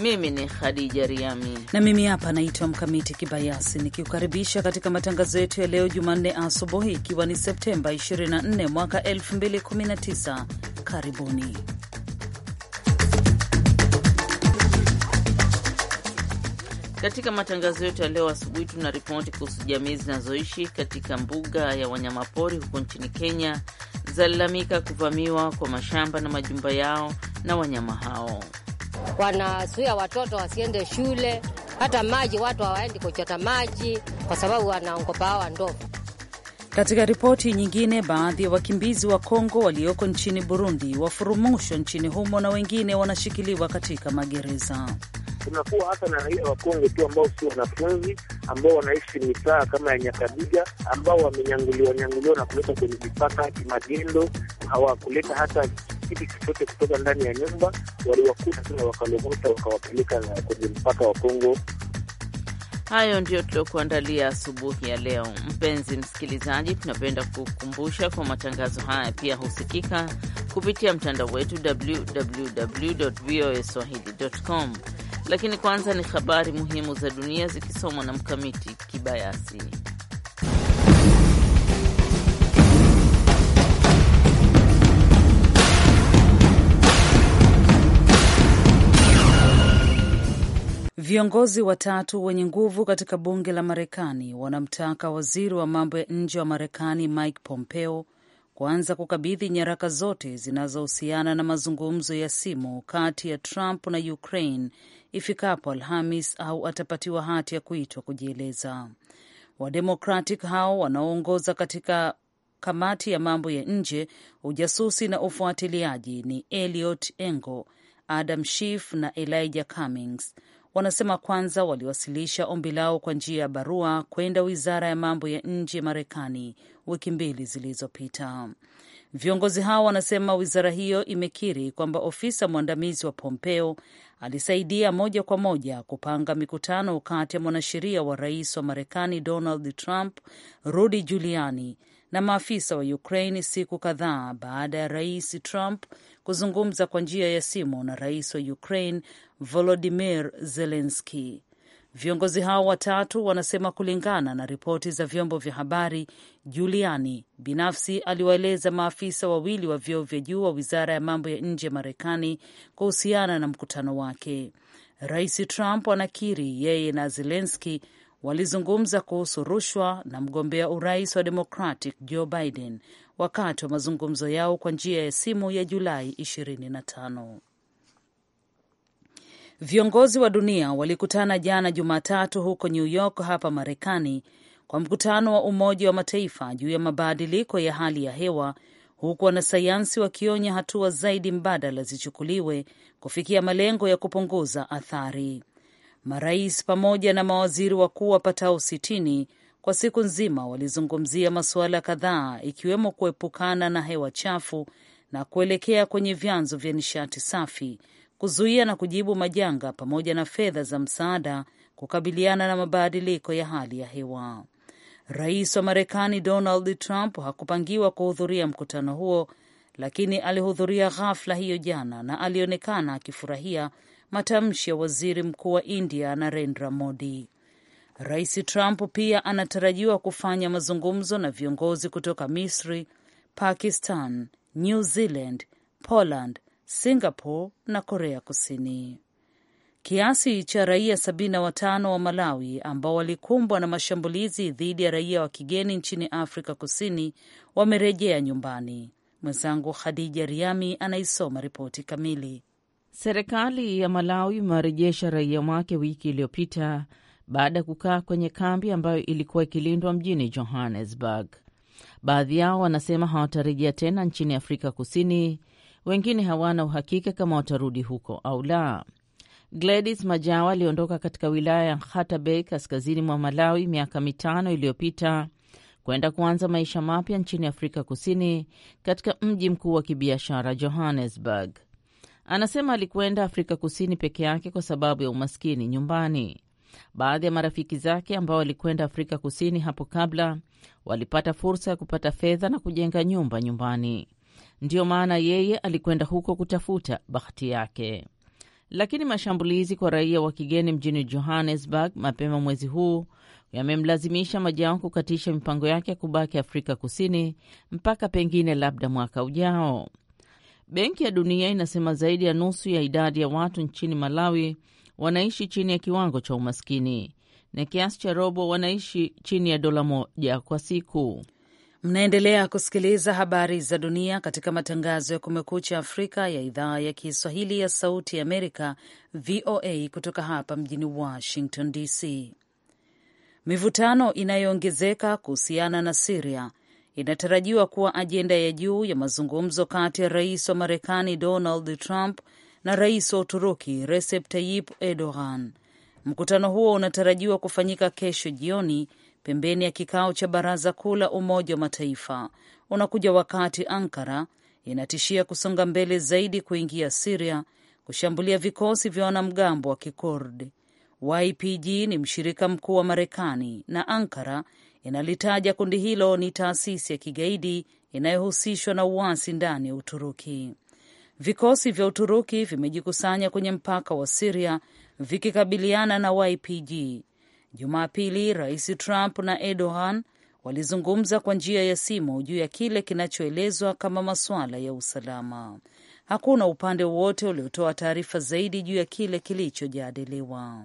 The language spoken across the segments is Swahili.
mimi ni Khadija Riami na mimi hapa naitwa Mkamiti Kibayasi nikiukaribisha katika matangazo yetu ya leo Jumanne asubuhi, ikiwa ni Septemba 24 mwaka 2019. Karibuni. Katika matangazo yetu ya leo asubuhi tuna ripoti kuhusu jamii zinazoishi katika mbuga ya wanyamapori huko nchini Kenya zalalamika kuvamiwa kwa mashamba na majumba yao na wanyama hao wanazuia watoto wasiende shule, hata maji, watu hawaendi kuchota maji kwa sababu wanaongopa hawa ndovu. Katika ripoti nyingine, baadhi ya wakimbizi wa Kongo walioko nchini Burundi wafurumushwa nchini humo na wengine wanashikiliwa katika magereza. kunakuwa hata na raia wa Kongo tu ambao si wanafunzi, ambao wanaishi mitaa kama ya Nyakabiga, ambao wamenyanguliwa nyanguliwa na kuleta kwenye mipaka kimagendo, hawakuleta hata kitu chochote kutoka ndani ya nyumba, waliwakuta tena wakalomota wakawapeleka eh, kwenye mpaka wa Kongo. Hayo ndiyo tuliokuandalia asubuhi ya leo. Mpenzi msikilizaji, tunapenda kukumbusha kwa matangazo haya pia husikika kupitia mtandao wetu www voa swahili com. Lakini kwanza ni habari muhimu za dunia zikisomwa na Mkamiti Kibayasi. Viongozi watatu wenye nguvu katika bunge la Marekani wanamtaka waziri wa mambo ya nje wa Marekani Mike Pompeo kuanza kukabidhi nyaraka zote zinazohusiana na mazungumzo ya simu kati ya Trump na Ukraine ifikapo Alhamis au atapatiwa hati ya kuitwa kujieleza. Wademokratic hao wanaoongoza katika kamati ya mambo ya nje, ujasusi na ufuatiliaji ni Eliot Engo, Adam Schiff na Elijah Cummings wanasema kwanza waliwasilisha ombi lao kwa njia ya barua kwenda wizara ya mambo ya nje ya Marekani wiki mbili zilizopita. Viongozi hao wanasema wizara hiyo imekiri kwamba ofisa mwandamizi wa Pompeo alisaidia moja kwa moja kupanga mikutano kati ya mwanasheria wa rais wa Marekani Donald Trump, Rudy Giuliani, na maafisa wa Ukraine siku kadhaa baada ya Rais Trump kuzungumza kwa njia ya simu na rais wa Ukraine Volodimir Zelenski. Viongozi hao watatu wanasema, kulingana na ripoti za vyombo vya habari, juliani binafsi aliwaeleza maafisa wawili wa vyeo vya juu wa wizara ya mambo ya nje ya Marekani kuhusiana na mkutano wake. Rais Trump anakiri yeye na Zelenski walizungumza kuhusu rushwa na mgombea urais wa Democratic Joe Biden wakati wa mazungumzo yao kwa njia ya simu ya Julai 25. Viongozi wa dunia walikutana jana Jumatatu huko New York hapa Marekani kwa mkutano wa Umoja wa Mataifa juu ya mabadiliko ya hali ya hewa huku wanasayansi wakionya hatua zaidi mbadala zichukuliwe kufikia malengo ya kupunguza athari. Marais pamoja na mawaziri wakuu wapatao sitini kwa siku nzima walizungumzia masuala kadhaa ikiwemo kuepukana na hewa chafu na kuelekea kwenye vyanzo vya nishati safi, kuzuia na kujibu majanga, pamoja na fedha za msaada kukabiliana na mabadiliko ya hali ya hewa. Rais wa Marekani Donald Trump hakupangiwa kuhudhuria mkutano huo, lakini alihudhuria ghafla hiyo jana na alionekana akifurahia matamshi ya waziri mkuu wa India Narendra Modi. Rais Trump pia anatarajiwa kufanya mazungumzo na viongozi kutoka Misri, Pakistan, New Zealand, Poland, Singapore na Korea Kusini. Kiasi cha raia 75 wa Malawi ambao walikumbwa na mashambulizi dhidi ya raia wa kigeni nchini Afrika Kusini wamerejea nyumbani. Mwenzangu Khadija Riami anaisoma ripoti kamili. Serikali ya Malawi imewarejesha raia wake wiki iliyopita baada ya kukaa kwenye kambi ambayo ilikuwa ikilindwa mjini Johannesburg. Baadhi yao wanasema hawatarejea tena nchini Afrika Kusini, wengine hawana uhakika kama watarudi huko au la. Gladys Majawa aliondoka katika wilaya ya Hatabey kaskazini mwa Malawi miaka mitano iliyopita kwenda kuanza maisha mapya nchini Afrika Kusini katika mji mkuu wa kibiashara Johannesburg. Anasema alikwenda Afrika Kusini peke yake kwa sababu ya umaskini nyumbani. Baadhi ya marafiki zake ambao walikwenda Afrika Kusini hapo kabla walipata fursa ya kupata fedha na kujenga nyumba nyumbani. Ndiyo maana yeye alikwenda huko kutafuta bahati yake. Lakini mashambulizi kwa raia wa kigeni mjini Johannesburg mapema mwezi huu yamemlazimisha Majao kukatisha mipango yake ya kubaki Afrika Kusini mpaka pengine labda mwaka ujao. Benki ya Dunia inasema zaidi ya nusu ya idadi ya watu nchini Malawi wanaishi chini ya kiwango cha umaskini na kiasi cha robo wanaishi chini ya dola moja kwa siku. Mnaendelea kusikiliza habari za dunia katika matangazo ya Kumekucha Afrika ya idhaa ya Kiswahili ya Sauti Amerika, VOA, kutoka hapa mjini Washington DC. Mivutano inayoongezeka kuhusiana na Siria inatarajiwa kuwa ajenda ya juu ya mazungumzo kati ya rais wa Marekani Donald Trump na rais wa Uturuki Recep Tayyip Erdogan. Mkutano huo unatarajiwa kufanyika kesho jioni pembeni ya kikao cha Baraza Kuu la Umoja wa Mataifa. Unakuja wakati Ankara inatishia kusonga mbele zaidi kuingia Siria kushambulia vikosi vya wanamgambo wa Kikurdi. YPG ni mshirika mkuu wa Marekani na Ankara inalitaja kundi hilo ni taasisi ya kigaidi inayohusishwa na uasi ndani ya Uturuki. Vikosi vya Uturuki vimejikusanya kwenye mpaka wa Siria vikikabiliana na YPG. Jumapili, Rais Trump na Erdogan walizungumza kwa njia ya simu juu ya kile kinachoelezwa kama masuala ya usalama. Hakuna upande wowote uliotoa taarifa zaidi juu ya kile kilichojadiliwa.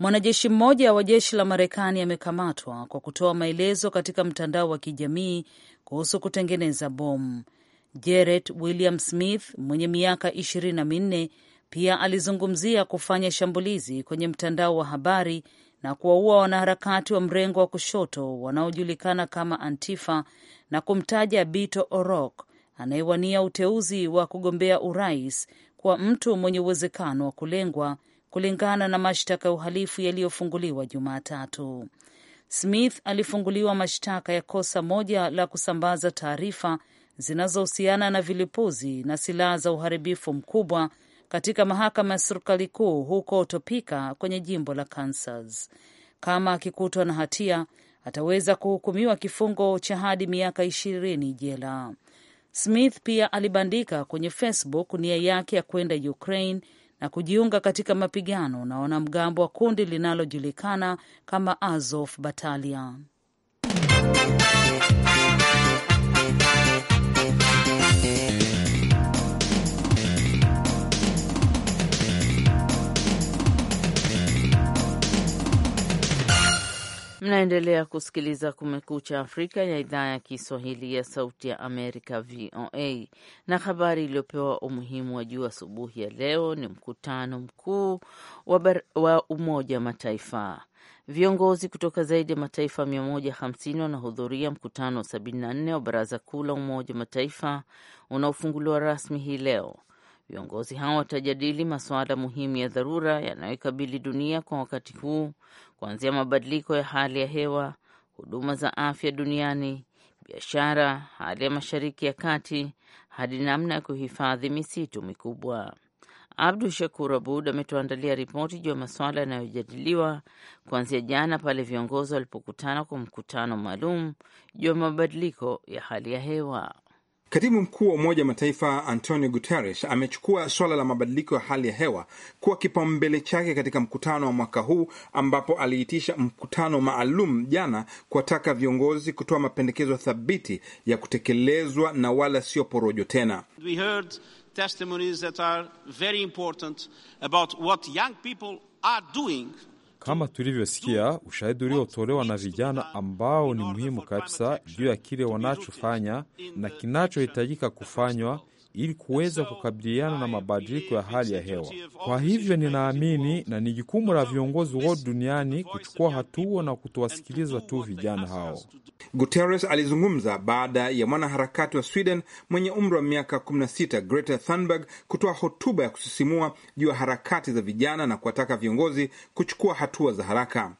Mwanajeshi mmoja wa jeshi la Marekani amekamatwa kwa kutoa maelezo katika mtandao wa kijamii kuhusu kutengeneza bomu. jeret William Smith mwenye miaka ishirini na minne pia alizungumzia kufanya shambulizi kwenye mtandao wa habari na kuwaua wanaharakati wa mrengo wa kushoto wanaojulikana kama Antifa na kumtaja Bito Orok anayewania uteuzi wa kugombea urais kuwa mtu mwenye uwezekano wa kulengwa kulingana na mashtaka ya uhalifu yaliyofunguliwa Jumatatu. Smith alifunguliwa mashtaka ya kosa moja la kusambaza taarifa zinazohusiana na vilipuzi na silaha za uharibifu mkubwa katika mahakama ya serikali kuu huko Topeka kwenye jimbo la Kansas. Kama akikutwa na hatia, ataweza kuhukumiwa kifungo cha hadi miaka ishirini jela. Smith pia alibandika kwenye Facebook nia yake ya kwenda Ukraine na kujiunga katika mapigano na wanamgambo wa kundi linalojulikana kama Azov Battalion. Mnaendelea kusikiliza Kumekucha Afrika ya idhaa ya Kiswahili ya Sauti ya Amerika, VOA. Na habari iliyopewa umuhimu wa juu asubuhi ya leo ni mkutano mkuu wa Umoja wa Mataifa. Viongozi kutoka zaidi ya mataifa 150 wanahudhuria mkutano wa 74 wa Baraza Kuu la Umoja wa Mataifa unaofunguliwa rasmi hii leo. Viongozi hao watajadili masuala muhimu ya dharura yanayoikabili dunia kwa wakati huu, kuanzia mabadiliko ya hali ya hewa, huduma za afya duniani, biashara, hali ya Mashariki ya Kati hadi namna ya kuhifadhi misitu mikubwa. Abdu Shakur Abud ametuandalia ripoti juu ya masuala yanayojadiliwa kuanzia jana pale viongozi walipokutana kwa mkutano maalum juu ya mabadiliko ya hali ya hewa. Katibu mkuu wa Umoja wa Mataifa Antonio Guterres amechukua suala la mabadiliko ya hali ya hewa kuwa kipaumbele chake katika mkutano wa mwaka huu ambapo aliitisha mkutano maalum jana kuwataka viongozi kutoa mapendekezo thabiti ya kutekelezwa na wala sio porojo tena. We heard testimonies that are very important about what young people are doing kama tulivyosikia, ushahidi uliotolewa na vijana ambao ni muhimu kabisa juu ya kile wanachofanya na kinachohitajika kufanywa ili kuweza kukabiliana na mabadiliko ya hali ya hewa. Kwa hivyo, ninaamini na ni jukumu la viongozi wote duniani kuchukua hatua na kutowasikiliza tu vijana hao. Guterres alizungumza baada ya mwanaharakati wa Sweden mwenye umri wa miaka 16 Greta Thunberg kutoa hotuba ya kusisimua juu ya harakati za vijana na kuwataka viongozi kuchukua hatua za haraka.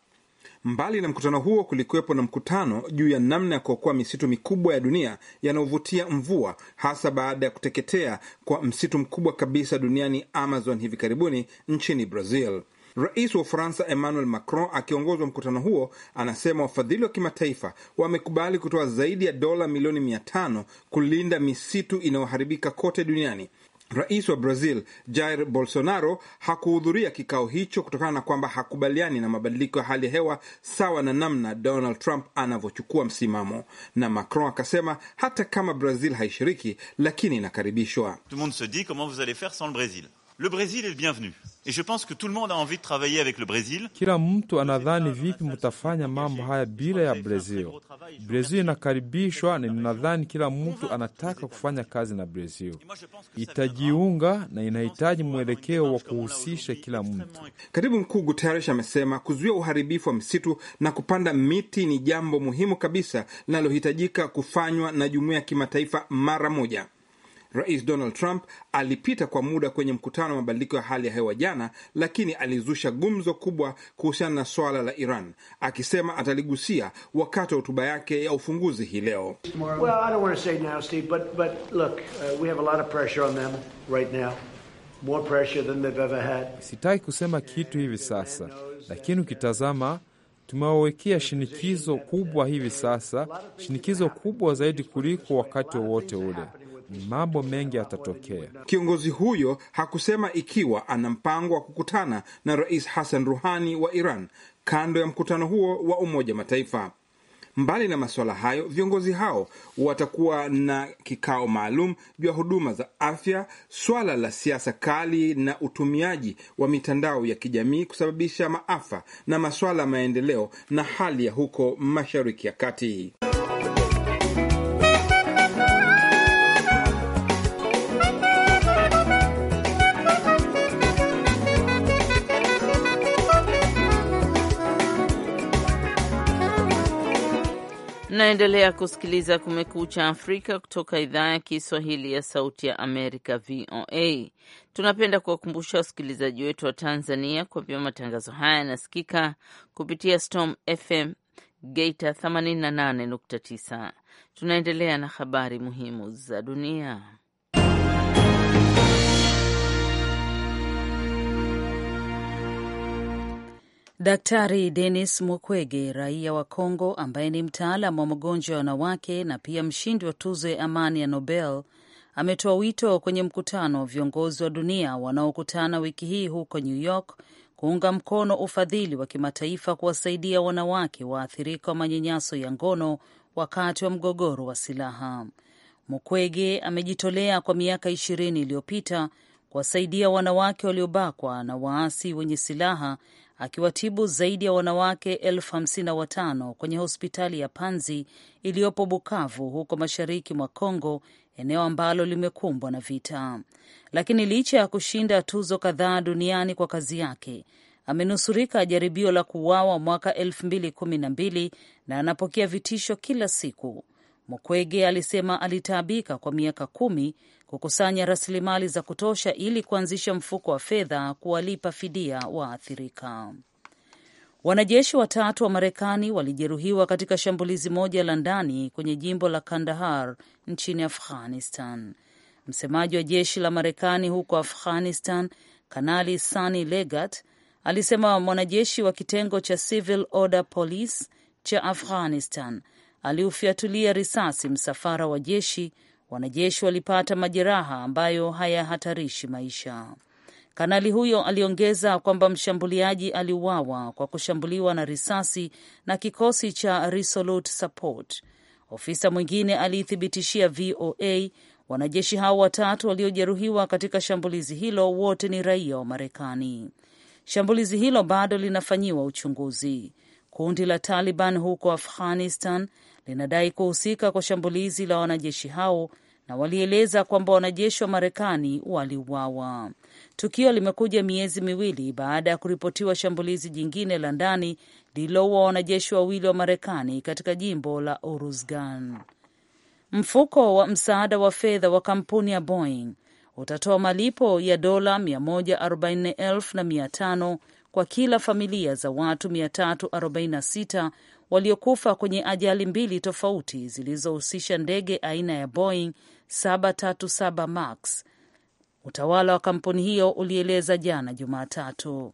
Mbali na mkutano huo, kulikuwepo na mkutano juu ya namna ya kuokoa misitu mikubwa ya dunia yanayovutia mvua, hasa baada ya kuteketea kwa msitu mkubwa kabisa duniani Amazon hivi karibuni nchini Brazil. Rais wa Ufaransa Emmanuel Macron akiongozwa mkutano huo anasema wafadhili wa kimataifa wamekubali kutoa zaidi ya dola milioni mia tano kulinda misitu inayoharibika kote duniani Rais wa Brazil Jair Bolsonaro hakuhudhuria kikao hicho kutokana na kwamba hakubaliani na mabadiliko ya hali ya hewa sawa na namna Donald Trump anavyochukua msimamo, na Macron akasema hata kama Brazil haishiriki lakini inakaribishwa. Tout le monde se dit comment vous allez faire sans le Le Brésil est le bienvenu. Et je pense que tout le monde a envie de travailler avec le Brésil. Kila mtu anadhani vipi mtafanya mambo haya bila ya Brazil. Brazil inakaribishwa na ninadhani kila mtu anataka kufanya kazi na Brazil. Itajiunga na inahitaji mwelekeo wa kuhusisha kila mtu. Katibu Mkuu Guterres amesema kuzuia uharibifu wa misitu na kupanda miti ni jambo muhimu kabisa linalohitajika kufanywa na jumuiya ya kimataifa mara moja. Rais Donald Trump alipita kwa muda kwenye mkutano wa mabadiliko ya hali ya hewa jana, lakini alizusha gumzo kubwa kuhusiana na swala la Iran, akisema ataligusia wakati wa hotuba yake ya ufunguzi hii leo. Uh, Sitaki kusema kitu hivi sasa, lakini ukitazama tumewawekea shinikizo kubwa hivi sasa, shinikizo kubwa zaidi kuliko wakati wowote ule mambo mengi yatatokea. Kiongozi huyo hakusema ikiwa ana mpango wa kukutana na Rais Hassan Ruhani wa Iran kando ya mkutano huo wa Umoja Mataifa. Mbali na masuala hayo, viongozi hao watakuwa na kikao maalum juu ya huduma za afya, swala la siasa kali na utumiaji wa mitandao ya kijamii kusababisha maafa, na masuala ya maendeleo na hali ya huko Mashariki ya Kati. Mnaendelea kusikiliza Kumekucha Afrika kutoka idhaa ya Kiswahili ya Sauti ya Amerika, VOA. Tunapenda kuwakumbusha wasikilizaji wetu wa Tanzania kwa vyama matangazo haya yanasikika kupitia Storm FM Geita 88.9. Tunaendelea na habari muhimu za dunia. Daktari Denis Mukwege, raia wa Kongo ambaye ni mtaalam wa magonjwa ya wanawake na pia mshindi wa tuzo ya amani ya Nobel, ametoa wito kwenye mkutano wa viongozi wa dunia wanaokutana wiki hii huko New York kuunga mkono ufadhili wa kimataifa kuwasaidia wanawake waathirika wa manyanyaso ya ngono wakati wa mgogoro wa silaha. Mukwege amejitolea kwa miaka ishirini iliyopita kuwasaidia wanawake waliobakwa na waasi wenye silaha akiwatibu zaidi ya wanawake elfu hamsini na watano kwenye hospitali ya Panzi iliyopo Bukavu huko mashariki mwa congo eneo ambalo limekumbwa na vita. Lakini licha ya kushinda tuzo kadhaa duniani kwa kazi yake, amenusurika jaribio la kuuawa mwaka elfu mbili kumi na mbili na anapokea vitisho kila siku. Mukwege alisema alitaabika kwa miaka kumi kukusanya rasilimali za kutosha ili kuanzisha mfuko wa fedha kuwalipa fidia waathirika. Wanajeshi watatu wa Marekani walijeruhiwa katika shambulizi moja la ndani kwenye jimbo la Kandahar nchini Afghanistan. Msemaji wa jeshi la Marekani huko Afghanistan, Kanali Sani Legat, alisema mwanajeshi wa kitengo cha Civil Order Police cha Afghanistan aliufyatulia risasi msafara wa jeshi Wanajeshi walipata majeraha ambayo hayahatarishi maisha. Kanali huyo aliongeza kwamba mshambuliaji aliuawa kwa kushambuliwa na risasi na kikosi cha Resolute Support. Ofisa mwingine aliithibitishia VOA wanajeshi hao watatu waliojeruhiwa katika shambulizi hilo wote ni raia wa Marekani. Shambulizi hilo bado linafanyiwa uchunguzi. Kundi la Taliban huko Afghanistan linadai kuhusika kwa shambulizi la wanajeshi hao na walieleza kwamba wanajeshi wa Marekani waliuawa. Tukio limekuja miezi miwili baada ya kuripotiwa shambulizi jingine la ndani lililoua wanajeshi wawili wa Marekani katika jimbo la Uruzgan. Mfuko wa msaada wa fedha wa kampuni ya Boeing utatoa malipo ya dola 144,500 kwa kila familia za watu 346 waliokufa kwenye ajali mbili tofauti zilizohusisha ndege aina ya Boeing 737 Max. Utawala wa kampuni hiyo ulieleza jana Jumatatu.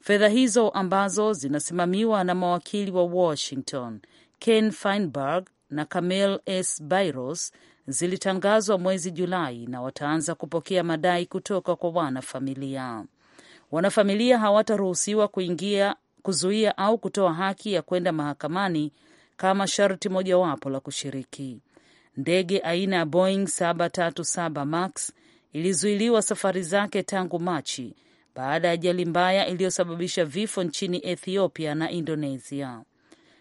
Fedha hizo ambazo zinasimamiwa na mawakili wa Washington Ken Feinberg na camel S. Byros zilitangazwa mwezi Julai na wataanza kupokea madai kutoka kwa wanafamilia. Wanafamilia hawataruhusiwa kuingia, kuzuia au kutoa haki ya kwenda mahakamani kama sharti mojawapo la kushiriki. Ndege aina ya Boeing 737 Max ilizuiliwa safari zake tangu Machi baada ya ajali mbaya iliyosababisha vifo nchini Ethiopia na Indonesia.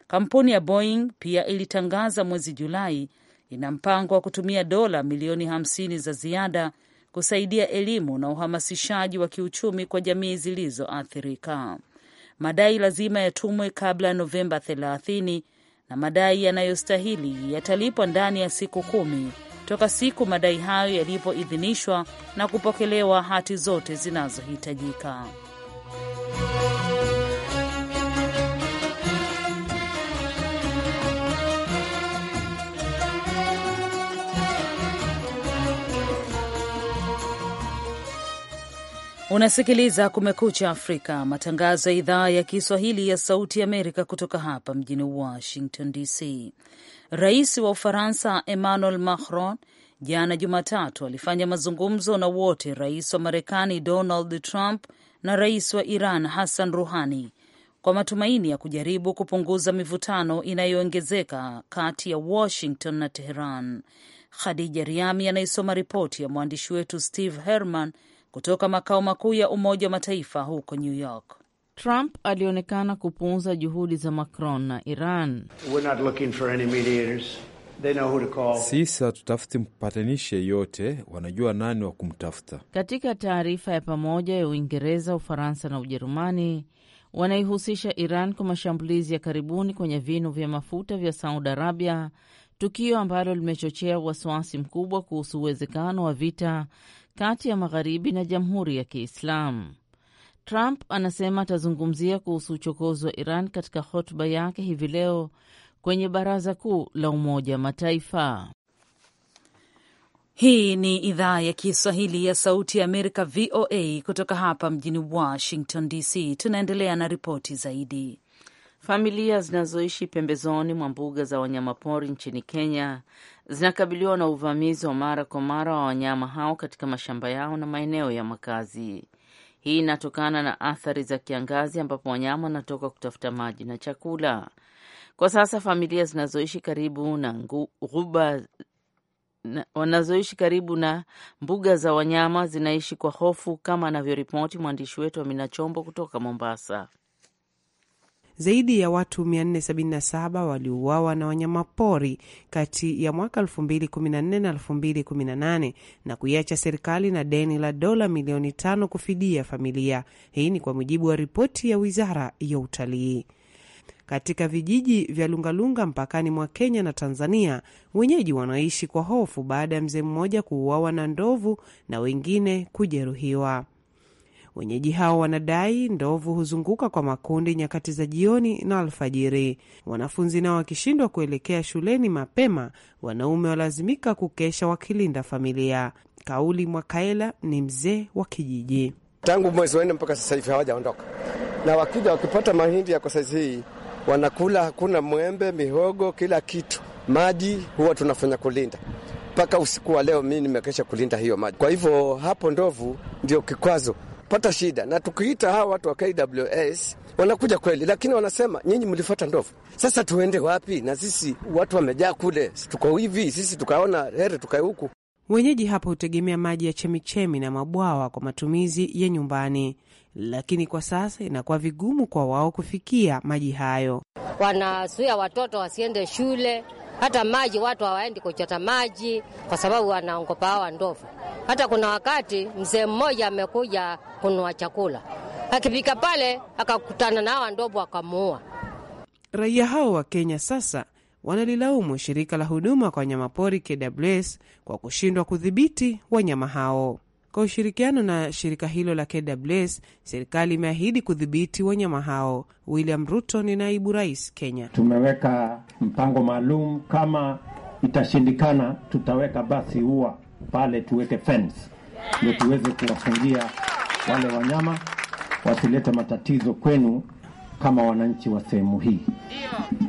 Kampuni ya Boeing pia ilitangaza mwezi Julai ina mpango wa kutumia dola milioni 50 za ziada kusaidia elimu na uhamasishaji wa kiuchumi kwa jamii zilizoathirika. Madai lazima yatumwe kabla ya Novemba 30 na madai yanayostahili yatalipwa ndani ya siku kumi toka siku madai hayo yalipoidhinishwa na kupokelewa hati zote zinazohitajika. Unasikiliza Kumekucha Afrika, matangazo ya idhaa ya Kiswahili ya Sauti ya Amerika kutoka hapa mjini Washington DC. Rais wa Ufaransa Emmanuel Macron jana Jumatatu alifanya mazungumzo na wote, rais wa Marekani Donald Trump na rais wa Iran Hassan ruhani kwa matumaini ya kujaribu kupunguza mivutano inayoongezeka kati ya Washington na Teheran. Khadija Riami anayesoma ripoti ya mwandishi wetu Steve Herman kutoka makao makuu ya Umoja wa Mataifa huko New York. Trump alionekana kupuuza juhudi za Macron na Iran. Sisi hatutafuti mpatanishi yeyote, wanajua nani wa kumtafuta. Katika taarifa ya pamoja ya Uingereza, Ufaransa na Ujerumani, wanaihusisha Iran kwa mashambulizi ya karibuni kwenye vinu vya mafuta vya Saudi Arabia, tukio ambalo limechochea wasiwasi mkubwa kuhusu uwezekano wa vita kati ya magharibi na jamhuri ya Kiislamu. Trump anasema atazungumzia kuhusu uchokozi wa Iran katika hotuba yake hivi leo kwenye baraza kuu la Umoja wa Mataifa. Hii ni idhaa ya Kiswahili ya Sauti ya Amerika, VOA, kutoka hapa mjini Washington DC. Tunaendelea na ripoti zaidi. Familia zinazoishi pembezoni mwa mbuga za wanyamapori nchini Kenya zinakabiliwa na uvamizi wa mara kwa mara wa wanyama hao katika mashamba yao na maeneo ya makazi. Hii inatokana na athari za kiangazi ambapo wanyama wanatoka kutafuta maji na chakula. Kwa sasa familia zinazoishi karibu na ghuba wanazoishi karibu na mbuga za wanyama zinaishi kwa hofu, kama anavyoripoti mwandishi wetu Amina Chombo kutoka Mombasa. Zaidi ya watu 477 waliuawa na wanyamapori kati ya mwaka 2014 na 2018 na kuiacha serikali na deni la dola milioni tano kufidia familia. Hii ni kwa mujibu wa ripoti ya Wizara ya Utalii. Katika vijiji vya Lungalunga mpakani mwa Kenya na Tanzania, wenyeji wanaishi kwa hofu baada ya mzee mmoja kuuawa na ndovu na wengine kujeruhiwa. Wenyeji hao wanadai ndovu huzunguka kwa makundi nyakati za jioni na alfajiri. Wanafunzi nao wakishindwa kuelekea shuleni mapema, wanaume walazimika kukesha wakilinda familia. Kauli Mwakaela ni mzee wa kijiji. Tangu mwezi wanne mpaka sasa hivi hawajaondoka, na wakija wakipata mahindi ya kwa saizi hii wanakula, hakuna mwembe, mihogo, kila kitu, maji huwa tunafanya kulinda mpaka usiku wa leo. mi nimekesha kulinda hiyo maji, kwa hivyo hapo ndovu ndio kikwazo pata shida, na tukiita hawa watu wa KWS wanakuja kweli, lakini wanasema nyinyi mlifuata ndovu. Sasa tuende wapi? Na sisi watu wamejaa kule, tuko hivi sisi, tukaona heri tukae huku. Wenyeji hapa hutegemea maji ya chemichemi na mabwawa kwa matumizi ya nyumbani, lakini kwa sasa inakuwa vigumu kwa wao kufikia maji hayo. Wanazuia watoto wasiende shule, hata maji watu hawaendi kuchota maji kwa sababu wanaongopa hawa ndovu. Hata kuna wakati mzee mmoja amekuja kunua chakula, akifika pale akakutana na hawa ndovu akamuua. Raia hao wa Kenya sasa wanalilaumu shirika la huduma kwa wanyamapori KWS kwa kushindwa kudhibiti wanyama hao. Kwa ushirikiano na shirika hilo la KWS, serikali imeahidi kudhibiti wanyama hao. William Ruto ni naibu rais Kenya. Tumeweka mpango maalum, kama itashindikana, tutaweka basi ua pale, tuweke fence ndio tuweze kuwafungia wale wanyama wasilete matatizo kwenu kama wananchi wa sehemu hii.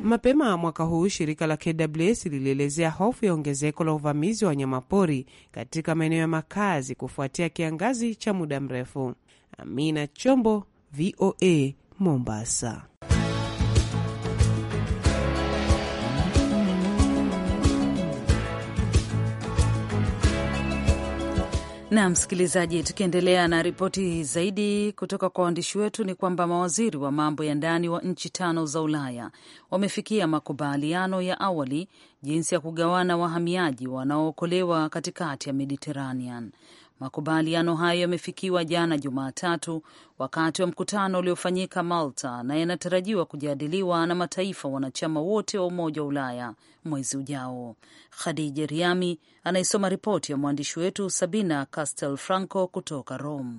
Mapema mwaka huu shirika la KWS lilielezea hofu ya ongezeko la uvamizi wa wanyamapori katika maeneo ya makazi kufuatia kiangazi cha muda mrefu. Amina Chombo, VOA, Mombasa. Na msikilizaji, tukiendelea na ripoti zaidi kutoka kwa waandishi wetu ni kwamba mawaziri wa mambo ya ndani wa nchi tano za Ulaya wamefikia makubaliano ya awali jinsi ya kugawana wahamiaji wanaookolewa katikati ya Mediteranean. Makubaliano hayo yamefikiwa jana Jumatatu wakati wa mkutano uliofanyika Malta na yanatarajiwa kujadiliwa na mataifa wanachama wote wa Umoja wa Ulaya mwezi ujao. Khadija Riami anaisoma ripoti ya mwandishi wetu Sabina Castel Franco kutoka Rome.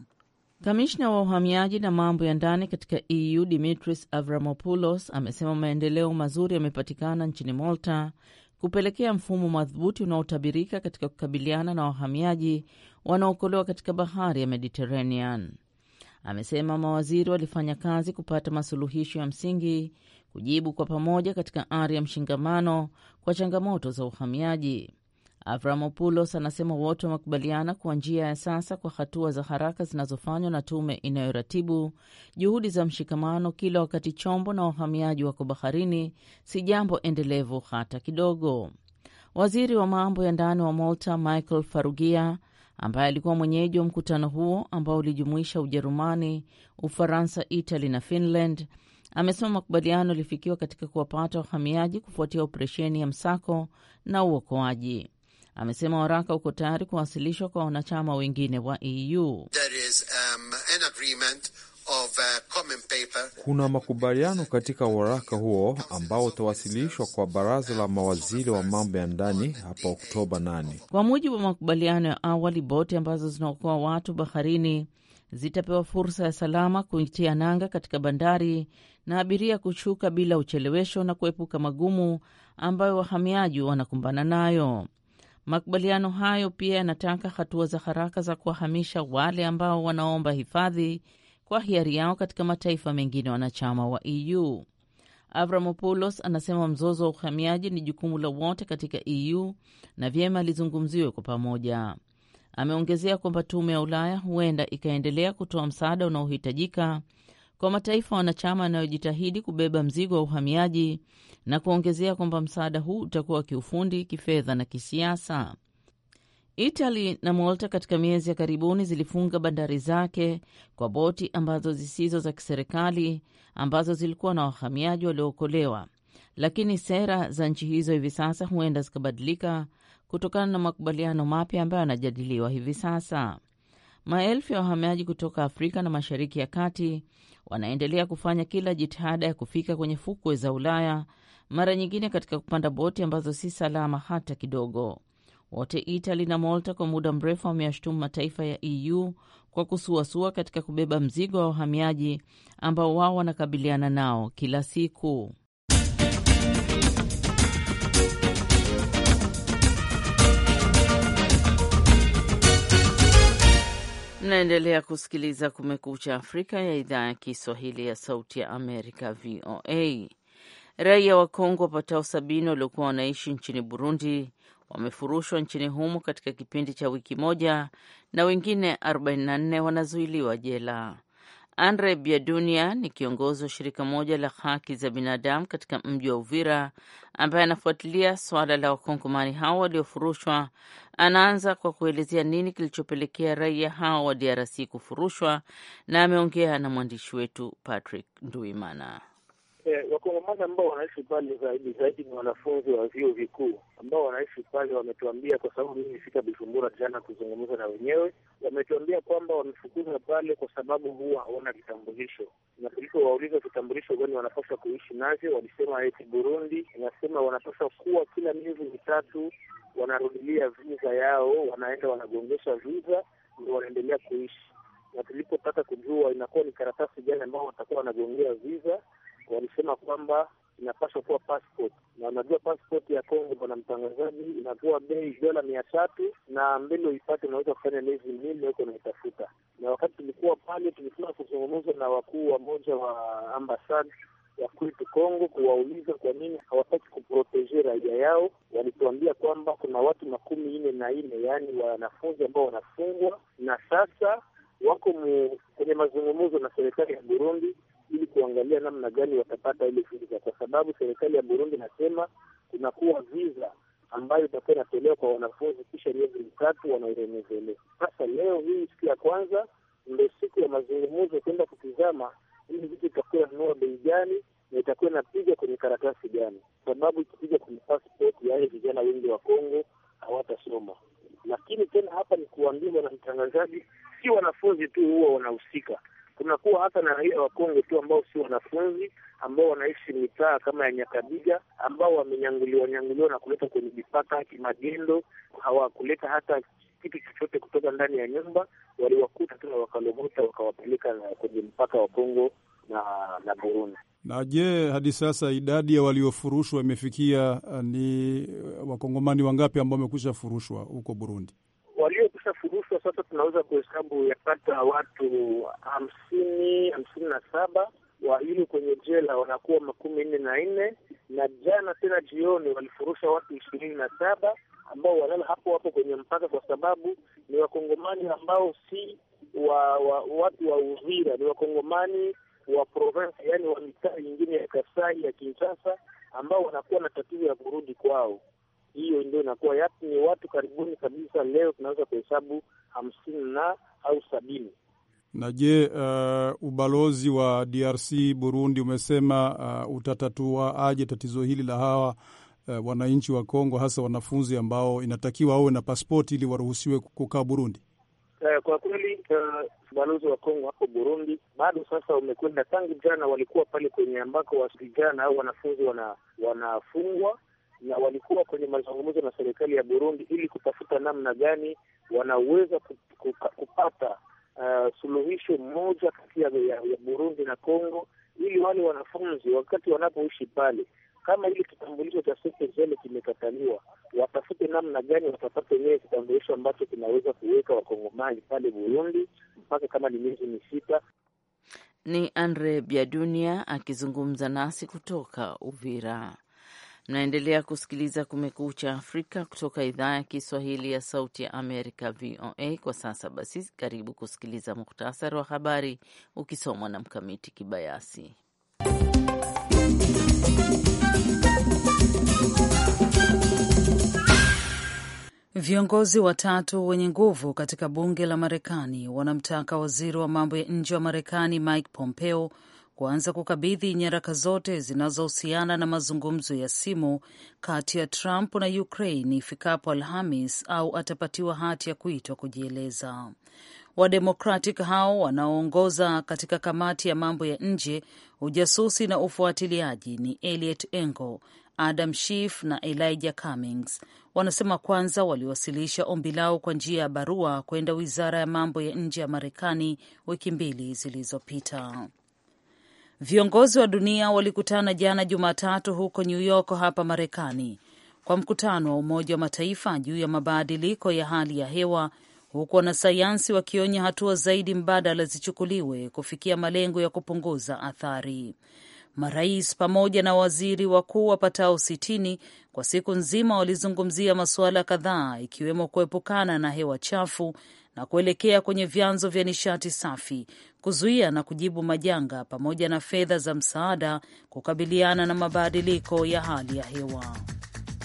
Kamishna wa uhamiaji na mambo ya ndani katika EU Dimitris Avramopoulos amesema maendeleo mazuri yamepatikana nchini Malta kupelekea mfumo madhubuti unaotabirika katika kukabiliana na wahamiaji wanaookolewa katika bahari ya Mediterranean. Amesema mawaziri walifanya kazi kupata masuluhisho ya msingi, kujibu kwa pamoja katika ari ya mshingamano kwa changamoto za uhamiaji. Avramopoulos anasema wote wamekubaliana kuwa njia ya sasa kwa hatua za haraka zinazofanywa na tume inayoratibu juhudi za mshikamano kila wakati chombo na wahamiaji wako baharini si jambo endelevu hata kidogo. Waziri wa mambo ya ndani wa Malta Michael Farugia ambaye alikuwa mwenyeji wa mkutano huo ambao ulijumuisha Ujerumani, Ufaransa, Itali na Finland amesema makubaliano yalifikiwa katika kuwapata wahamiaji kufuatia operesheni ya msako na uokoaji amesema waraka uko tayari kuwasilishwa kwa wanachama wengine wa EU. Um, uh, Kuna makubaliano katika waraka huo ambao utawasilishwa kwa baraza la mawaziri wa mambo ya ndani hapa Oktoba 8. Kwa mujibu wa makubaliano ya awali, boti ambazo zinaokoa watu baharini zitapewa fursa ya salama kuitia nanga katika bandari na abiria kushuka bila uchelewesho na kuepuka magumu ambayo wahamiaji wanakumbana nayo. Makubaliano hayo pia yanataka hatua za haraka za kuwahamisha wale ambao wanaomba hifadhi kwa hiari yao katika mataifa mengine wanachama wa EU. Avramopoulos anasema mzozo wa uhamiaji ni jukumu la wote katika EU na vyema lizungumziwe kwa pamoja. Ameongezea kwamba tume ya Ulaya huenda ikaendelea kutoa msaada unaohitajika kwa mataifa wanachama yanayojitahidi kubeba mzigo wa uhamiaji na kuongezea kwamba msaada huu utakuwa wa kiufundi, kifedha na kisiasa. Italy na Malta katika miezi ya karibuni zilifunga bandari zake kwa boti ambazo zisizo za kiserikali ambazo zilikuwa na wahamiaji waliookolewa, lakini sera za nchi hizo hivi sasa huenda zikabadilika kutokana na makubaliano mapya ambayo yanajadiliwa hivi sasa. Maelfu ya wahamiaji kutoka Afrika na Mashariki ya Kati wanaendelea kufanya kila jitihada ya kufika kwenye fukwe za Ulaya, mara nyingine katika kupanda boti ambazo si salama hata kidogo. Wote Itali na Malta kwa muda mrefu wameyashutumu mataifa ya EU kwa kusuasua katika kubeba mzigo wa wahamiaji ambao wao wanakabiliana nao kila siku. Mnaendelea kusikiliza Kumekucha Afrika ya idhaa ya Kiswahili ya Sauti ya Amerika, VOA. Raia wa Kongo wapatao sabini waliokuwa wanaishi nchini Burundi wamefurushwa nchini humo katika kipindi cha wiki moja na wengine 44 wanazuiliwa jela. Andre Biadunia ni kiongozi wa shirika moja la haki za binadamu katika mji wa Uvira ambaye anafuatilia suala la wakongomani hao waliofurushwa. Anaanza kwa kuelezea nini kilichopelekea raia hao wa DRC kufurushwa, na ameongea na mwandishi wetu Patrick Nduimana. E, wakongomani ambao wanaishi pale zaidi zaidi ni wanafunzi wa vyuo vikuu ambao wanaishi pale wametuambia, kwa sababu mimi nifika Bujumbura jana kuzungumza na wenyewe, wametuambia kwamba wamefukuza pale kwa sababu huwa hawana vitambulisho, na tulipowauliza vitambulisho gani wanapaswa kuishi navyo, walisema eti Burundi inasema wanapaswa kuwa kila miezi mitatu wanarudilia viza yao, wanaenda wanagongesha viza, ndio wanaendelea kuishi. Na tulipotaka kujua inakuwa ni karatasi gani ambao watakuwa wanagongea viza walisema kwamba inapaswa kuwa passport na unajua passport ya Kongo bwana mtangazaji, inakuwa bei dola mia tatu na mbele uipate, unaweza kufanya miezi minne huko unaitafuta. Na wakati tulikuwa pale, tulikuwa kuzungumza na wakuu wa moja wa ambasada ya kwetu Kongo kuwauliza kwa nini hawataki kuproteje raia yao. Walituambia kwamba kuna watu makumi nne na nne yaani wanafunzi ambao wanafungwa na sasa wako mu, kwenye mazungumzo na serikali ya Burundi kuangalia namna gani watapata ile visa, kwa sababu serikali ya Burundi inasema kunakuwa visa ambayo itakuwa inatolewa kwa wanafunzi kisha miezi mitatu wanaorenezelea. Sasa leo hii siku ya kwanza ndio siku ya mazungumzo, kwenda kutizama ili vitu itakuwa inanua bei gani na itakuwa inapiga kwenye karatasi gani, sababu ikipiga kwenye passport, yaani vijana wengi wa Kongo hawatasoma. Lakini tena hapa ni kuambia, bwana mtangazaji, si wanafunzi tu huwa wanahusika kunakuwa hata na raia wa Kongo tu ambao si wanafunzi ambao wanaishi mitaa kama ya Nyakabiga ambao wamenyanguliwa nyanguliwa na kuleta kwenye mipaka kimagendo, hawakuleta hata kitu chochote kutoka ndani ya nyumba, waliwakuta tu na wakalogota wakawapeleka kwenye mpaka wa Kongo na, na Burundi. Na je, hadi sasa idadi ya waliofurushwa imefikia eh, ni eh, wakongomani wangapi ambao wamekwisha furushwa huko Burundi? sasa tunaweza kuhesabu yapata watu hamsini hamsini na saba waili kwenye jela wanakuwa makumi nne na nne na jana tena jioni walifurusha watu ishirini na saba ambao walala hapo hapo kwenye mpaka, kwa sababu ni wakongomani ambao si wa, wa watu wa Uvira, ni wakongomani wa provensi, yani wa mitaa yingine ya Kasai ya Kinshasa, ambao wanakuwa na tatizo ya kurudi kwao hiyo ndio inakuwa yapi, ni watu karibuni kabisa, leo tunaweza kuhesabu hamsini na au sabini. Na je, uh, ubalozi wa DRC Burundi umesema uh, utatatua aje tatizo hili la hawa uh, wananchi wa Kongo, hasa wanafunzi ambao inatakiwa wawe na paspoti ili waruhusiwe kukaa Burundi? Uh, kwa kweli uh, ubalozi wa Kongo hapo Burundi bado sasa umekwenda tangu jana, walikuwa pale kwenye ambako wavijana au wanafunzi wana, wanafungwa na walikuwa kwenye mazungumzo na serikali ya Burundi ili kutafuta namna gani wanaweza kupata uh, suluhisho moja kati ya, ya Burundi na Kongo ili wale wanafunzi wakati wanapoishi pale kama ile kitambulisho cha zele kimekataliwa, watafute namna gani watapata yeye kitambulisho ambacho kinaweza kuweka wakongomani pale Burundi mpaka kama ni miezi misita. Ni Andre Biadunia akizungumza nasi kutoka Uvira. Mnaendelea kusikiliza Kumekucha Afrika kutoka idhaa ya Kiswahili ya Sauti ya Amerika, VOA. Kwa sasa basi, karibu kusikiliza muhtasari wa habari ukisomwa na Mkamiti Kibayasi. Viongozi watatu wenye nguvu katika bunge la Marekani wanamtaka waziri wa mambo ya nje wa Marekani Mike Pompeo kuanza kukabidhi nyaraka zote zinazohusiana na mazungumzo ya simu kati ya Trump na Ukraine ifikapo Alhamis au atapatiwa hati ya kuitwa kujieleza. Wademokratic hao wanaoongoza katika kamati ya mambo ya nje, ujasusi na ufuatiliaji ni Eliot Engel, Adam Schiff na Elijah Cummings wanasema kwanza waliwasilisha ombi lao kwa njia ya barua kwenda wizara ya mambo ya nje ya Marekani wiki mbili zilizopita. Viongozi wa dunia walikutana jana Jumatatu huko New York hapa Marekani kwa mkutano wa Umoja wa Mataifa juu ya mabadiliko ya hali ya hewa, huku wanasayansi wakionya hatua zaidi mbadala zichukuliwe kufikia malengo ya kupunguza athari. Marais pamoja na waziri wakuu wapatao sitini kwa siku nzima walizungumzia masuala kadhaa ikiwemo kuepukana na hewa chafu na kuelekea kwenye vyanzo vya nishati safi, kuzuia na kujibu majanga pamoja na fedha za msaada kukabiliana na mabadiliko ya hali ya hewa.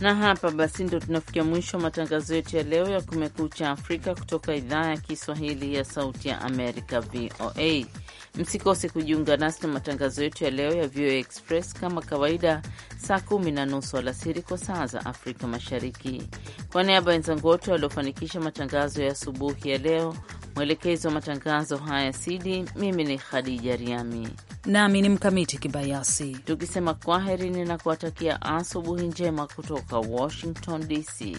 Na hapa basi ndo tunafikia mwisho wa matangazo yetu ya leo ya Kumekucha Afrika kutoka idhaa ya Kiswahili ya Sauti ya Amerika, VOA. Msikose kujiunga nasi na matangazo yetu ya leo ya VOA Express kama kawaida, saa kumi na nusu alasiri kwa saa za Afrika Mashariki. Kwa niaba ya wenzangu wote waliofanikisha matangazo ya asubuhi ya leo, Mwelekezi wa matangazo haya Sidi, mimi ni Khadija Riami nami ni Mkamiti Kibayasi, tukisema kwaherini na kuwatakia asubuhi njema kutoka Washington DC.